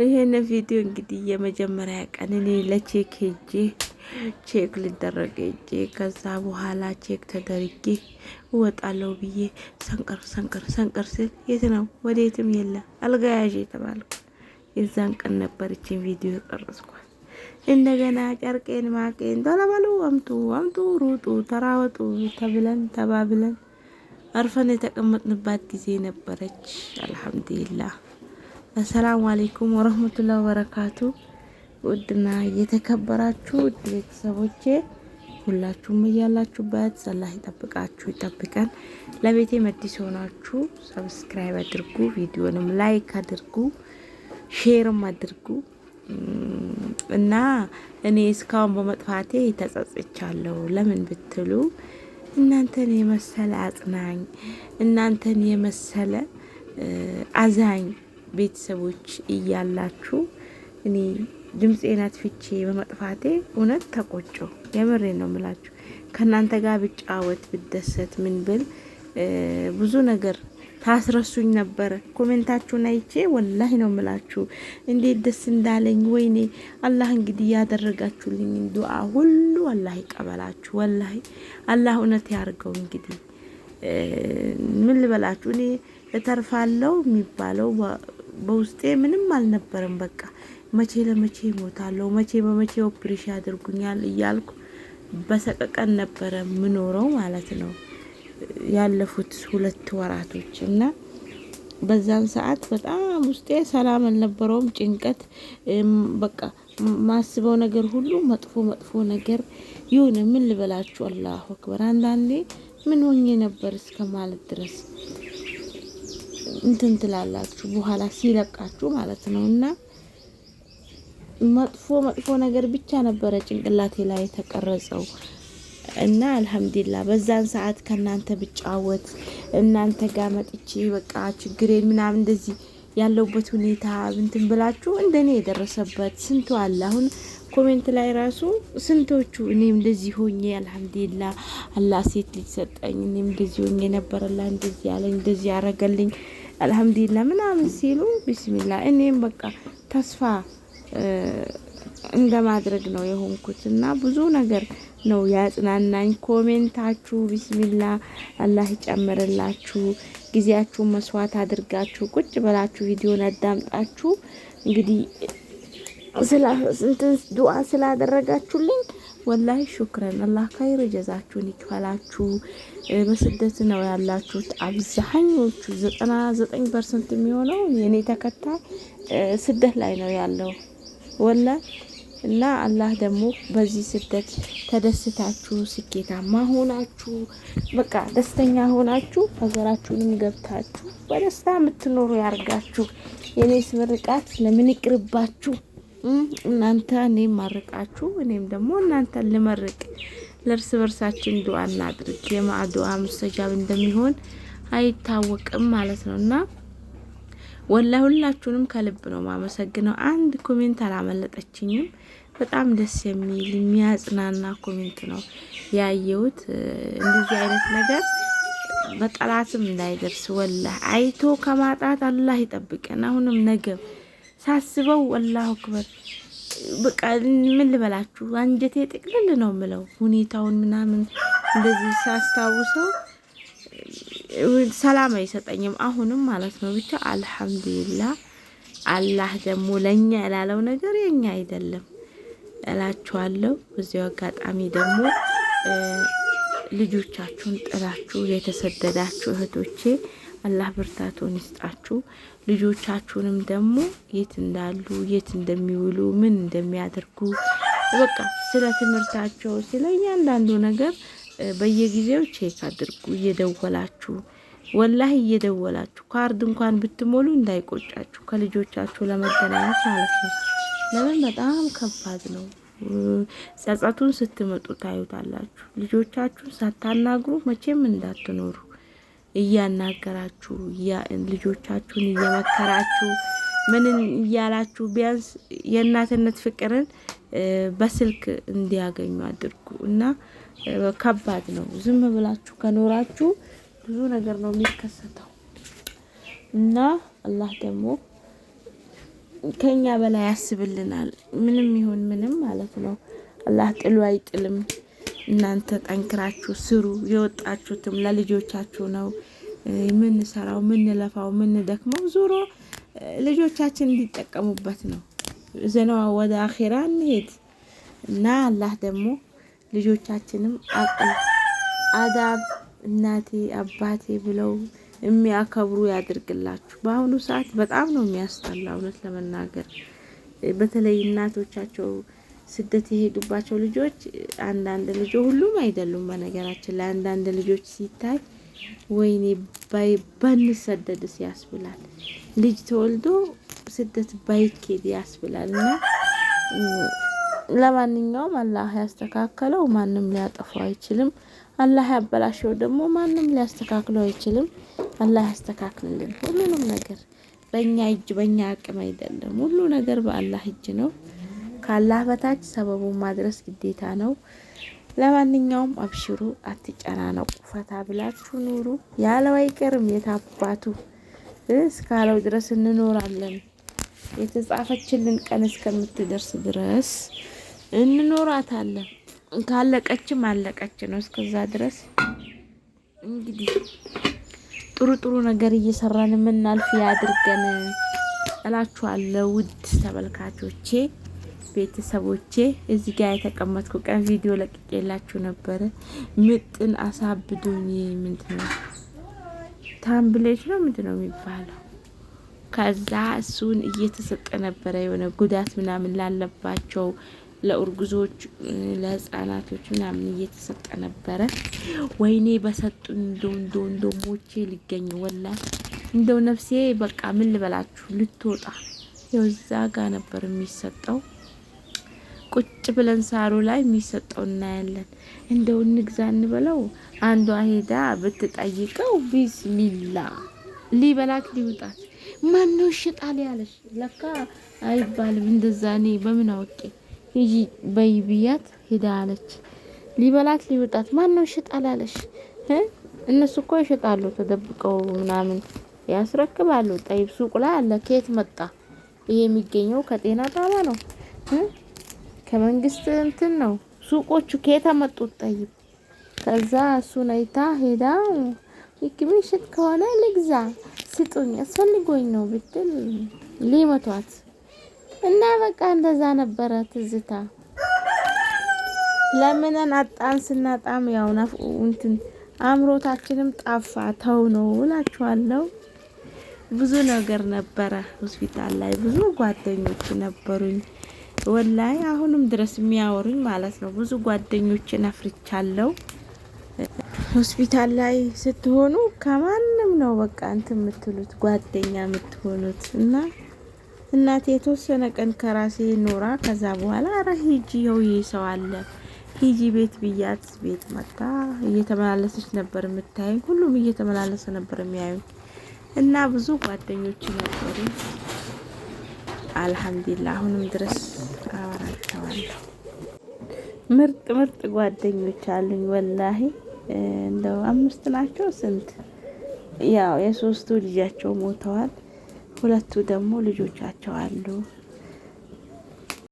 ይሄን ቪዲዮ እንግዲህ የመጀመሪያ ቀን እኔ ለቼክ ሄጄ ቼክ ልደረግ ሄጄ ከዛ በኋላ ቼክ ተደርጌ እወጣለሁ ብዬ ሰንቀር ሰንቀር ሰንቀር ስል የት ነው ወዴትም የለ አልጋያዥ የተባልኩ የዛን ቀን ነበረችን ቪዲዮ ቀረጽኳል። እንደገና ጨርቄን ማቄን ተለበሉ አምጡ አምጡ ሩጡ ተራወጡ ተብለን ተባብለን አርፈን የተቀመጥንባት ጊዜ ነበረች። አልሐምዱሊላህ አሰላሙ አሌይኩም ወረህመቱላህ ወበረካቱ። ውድና እየተከበራችሁ ውድ ቤተሰቦቼ ሁላችሁም እያላችሁበት ሰላህ ይጠብቃችሁ ይጠብቀን። ለቤቴ መዲስ ሆናችሁ ሰብስክራይብ አድርጉ፣ ቪዲዮንም ላይክ አድርጉ፣ ሼርም አድርጉ እና እኔ እስካሁን በመጥፋቴ ተጸጽቻለሁ። ለምን ብትሉ እናንተን የመሰለ አጽናኝ፣ እናንተን የመሰለ አዛኝ ቤተሰቦች እያላችሁ እኔ ድምፄን አጥፍቼ በመጥፋቴ እውነት ተቆጮ የምሬ ነው ምላችሁ። ከእናንተ ጋር ብጫወት ብደሰት ምን ብል ብዙ ነገር ታስረሱኝ ነበረ። ኮሜንታችሁን አይቼ ወላሂ ነው ምላችሁ እንዴት ደስ እንዳለኝ። ወይኔ አላህ እንግዲህ ያደረጋችሁልኝ ዱአ ሁሉ አላህ ይቀበላችሁ። ወላሂ አላህ እውነት ያርገው። እንግዲህ ምን ልበላችሁ እኔ እተርፋለው የሚባለው በውስጤ ምንም አልነበረም። በቃ መቼ ለመቼ እሞታለሁ፣ መቼ በመቼ ኦፕሬሽን ያደርጉኛል እያልኩ በሰቀቀን ነበረ ምኖረው ማለት ነው ያለፉት ሁለት ወራቶች እና በዛን ሰዓት በጣም ውስጤ ሰላም አልነበረውም። ጭንቀት በቃ ማስበው ነገር ሁሉ መጥፎ መጥፎ ነገር ይሁን። ምን ልበላችሁ፣ አላሁ አክበር። አንዳንዴ ምን ሆኜ ነበር እስከ ማለት ድረስ እንትን ትላላችሁ በኋላ ሲለቃችሁ ማለት ነው። እና መጥፎ መጥፎ ነገር ብቻ ነበረ ጭንቅላቴ ላይ የተቀረጸው እና አልሐምዱሊላ በዛን ሰዓት ከእናንተ ብጫወት እናንተ ጋር መጥቼ በቃ ችግሬን ምናምን እንደዚህ ያለውበት ሁኔታ እንትን ብላችሁ እንደኔ የደረሰበት ስንቱ አለ። አሁን ኮሜንት ላይ ራሱ ስንቶቹ እኔም እንደዚህ ሆኜ አልሐምዱሊላ አላ ሴት ልጅ ሰጠኝ፣ እኔም እንደዚህ ሆኜ ነበረላ እንደዚህ ያለኝ እንደዚህ ያረገልኝ አልሐምዱሊላ ምናምን ሲሉ ቢስሚላ እኔም በቃ ተስፋ እንደማድረግ ነው የሆንኩት እና ብዙ ነገር ነው ያጽናናኝ። ኮሜንታችሁ ቢስሚላ አላህ ይጨምርላችሁ። ጊዜያችሁን መስዋዕት አድርጋችሁ ቁጭ ብላችሁ ቪዲዮን አዳምጣችሁ እንግዲህ ስንት ዱአ ዱዓ ስላደረጋችሁልኝ ወላይ ሹክረን አላህ ካይር ጀዛችሁን ይክፈላችሁ። በስደት ነው ያላችሁት አብዛኞቹ ዘጠና ዘጠኝ ፐርሰንት የሚሆነው የኔ ተከታይ ስደት ላይ ነው ያለው ወላ እና አላህ ደግሞ በዚህ ስደት ተደስታችሁ ስኬታማ ሆናችሁ በቃ ደስተኛ ሆናችሁ ሀገራችሁንም ገብታችሁ በደስታ የምትኖሩ ያርጋችሁ። የኔ ስምርቃት ለምን ይቅርባችሁ። እናንተ እኔም ማርቃችሁ እኔም ደግሞ እናንተን ልመርቅ ለእርስ በርሳችን ዱዓ እናድርግ። የማዕ ዱዓ ሙስተጃብ እንደሚሆን አይታወቅም ማለት ነው እና ወላ ሁላችሁንም ከልብ ነው ማመሰግነው። አንድ ኮሜንት አላመለጠችኝም። በጣም ደስ የሚል የሚያጽናና ኮሜንት ነው ያየሁት። እንደዚህ አይነት ነገር በጠላትም እንዳይደርስ ወላ አይቶ ከማጣት አላህ ይጠብቀን። አሁንም ነገም ሳስበው ወላሁ አክበር በቃ ምን ልበላችሁ አንጀቴ ጥቅልል ነው የምለው ሁኔታውን ምናምን እንደዚህ ሳስታውሰው ሰላም አይሰጠኝም አሁንም ማለት ነው። ብቻ አልሐምዱሊላህ። አላህ ደግሞ ለእኛ ያላለው ነገር የኛ አይደለም እላችኋለሁ። በዚያው አጋጣሚ ደግሞ ልጆቻችሁን ጥላችሁ የተሰደዳችሁ እህቶቼ አላህ ብርታቱን ይስጣችሁ። ልጆቻችሁንም ደግሞ የት እንዳሉ የት እንደሚውሉ ምን እንደሚያደርጉ በቃ ስለ ትምህርታቸው ስለ እያንዳንዱ ነገር በየጊዜው ቼክ አድርጉ። እየደወላችሁ ወላህ እየደወላችሁ ካርድ እንኳን ብትሞሉ እንዳይቆጫችሁ ከልጆቻችሁ ለመገናኘት ማለት ነው። ለምን በጣም ከባድ ነው። ጸጸቱን ስትመጡ ታዩታላችሁ። ልጆቻችሁን ሳታናግሩ መቼም እንዳትኖሩ። እያናገራችሁ ልጆቻችሁን እየመከራችሁ ምንም እያላችሁ ቢያንስ የእናትነት ፍቅርን በስልክ እንዲያገኙ አድርጉ እና ከባድ ነው። ዝም ብላችሁ ከኖራችሁ ብዙ ነገር ነው የሚከሰተው እና አላህ ደግሞ ከኛ በላይ ያስብልናል። ምንም ይሁን ምንም ማለት ነው። አላህ ጥሉ አይጥልም። እናንተ ጠንክራችሁ ስሩ። የወጣችሁትም ለልጆቻችሁ ነው። የምንሰራው የምንለፋው የምንደክመው ዞሮ ልጆቻችን እንዲጠቀሙበት ነው። ዘነዋ ወደ አኼራ እንሄድ እና አላህ ደግሞ ልጆቻችንም አቅል አዳብ እናቴ አባቴ ብለው የሚያከብሩ ያድርግላችሁ። በአሁኑ ሰዓት በጣም ነው የሚያስጠላ እውነት ለመናገር በተለይ እናቶቻቸው ስደት የሄዱባቸው ልጆች አንዳንድ ልጆ ሁሉም አይደሉም። በነገራችን ላይ አንዳንድ ልጆች ሲታይ ወይኔ ባንሰደድስ ያስብላል። ልጅ ተወልዶ ስደት ባይኬድ ያስብላል። እና ለማንኛውም አላህ ያስተካከለው ማንም ሊያጠፋው አይችልም። አላህ ያበላሸው ደግሞ ማንም ሊያስተካክለው አይችልም። አላህ ያስተካክልልን ሁሉንም ነገር። በእኛ እጅ በእኛ አቅም አይደለም። ሁሉ ነገር በአላህ እጅ ነው። ካላህ በታች ሰበቡ ማድረስ ግዴታ ነው። ለማንኛውም አብሽሩ፣ አትጨናነቁ፣ ፈታ ብላችሁ ኑሩ። ያለው አይቀርም የታባቱ እስካለው ድረስ እንኖራለን። የተጻፈችልን ቀን እስከምትደርስ ድረስ እንኖራታለን። ካለቀችም አለቀች ነው። እስከዛ ድረስ እንግዲህ ጥሩ ጥሩ ነገር እየሰራን የምናልፍ ያድርገን እላችኋለሁ ውድ ተመልካቾቼ። ቤተሰቦቼ እዚህ ጋር የተቀመጥኩ ቀን ቪዲዮ ለቅቄላችሁ ነበረ። ምጥን አሳብዱኝ ምንድን ነው ታምብሌት ነው ምንድን ነው የሚባለው? ከዛ እሱን እየተሰጠ ነበረ የሆነ ጉዳት ምናምን ላለባቸው ለእርጉዞች፣ ለህፃናቶች ምናምን እየተሰጠ ነበረ። ወይኔ በሰጡ እንደው እንደው እንደው ሞቼ ሊገኝ ወላሂ እንደው ነፍሴ በቃ ምን ልበላችሁ ልትወጣ የዛ ጋ ነበር የሚሰጠው። ቁጭ ብለን ሳሩ ላይ የሚሰጠው እናያለን። እንደው እንግዛ እንበለው። አንዷ ሄዳ ብትጠይቀው ቢስሚላ ሊበላክ ሊውጣት ማነው ሽጣል ያለሽ? ለካ አይባልም እንደዛ። እኔ በምን አውቄ ሂጂ በይ ብያት ሄዳ አለች። ሊበላት ሊውጣት ማነው ሽጣል ያለሽ? እነሱ እኮ ይሸጣሉ ተደብቀው ምናምን ያስረክባሉ። ጠይብ ሱቁ ላይ አለ። ከየት መጣ ይሄ? የሚገኘው ከጤና ጣቢያ ነው። ከመንግስት እንትን ነው ሱቆቹ ከየት አመጡት ጠይቅ። ከዛ እሱን አይታ ሄዳ ይክምሽት ከሆነ ልግዛ ስጡኝ አስፈልጎኝ ነው ብትል ሊመቷት እና በቃ እንደዛ ነበረ ትዝታ። ለምንን አጣን ስናጣም ያው እንትን አእምሮታችንም ጣፋ ተው ነው እላችኋለሁ። ብዙ ነገር ነበረ ሆስፒታል ላይ ብዙ ጓደኞች ነበሩኝ። ወላይ አሁንም ድረስ የሚያወሩኝ ማለት ነው። ብዙ ጓደኞችን አፍርቻለሁ። ሆስፒታል ላይ ስትሆኑ ከማንም ነው በቃ እንትን የምትሉት ጓደኛ የምትሆኑት እና እናቴ የተወሰነ ቀን ከራሴ ኖራ ከዛ በኋላ አረ ሂጂ የው ሰው አለ ሂጂ ቤት ብያት ቤት መጣ እየተመላለሰች ነበር የምታየኝ። ሁሉም እየተመላለሰ ነበር የሚያዩኝ እና ብዙ ጓደኞች ነበሩ። አልሐምዱሊላ አሁንም ድረስ አወራቸዋለሁ። ምርጥ ምርጥ ጓደኞች አሉኝ። ወላሂ እንደው አምስት ናቸው ስንት ያው የሶስቱ ልጃቸው ሞተዋል። ሁለቱ ደግሞ ልጆቻቸው አሉ።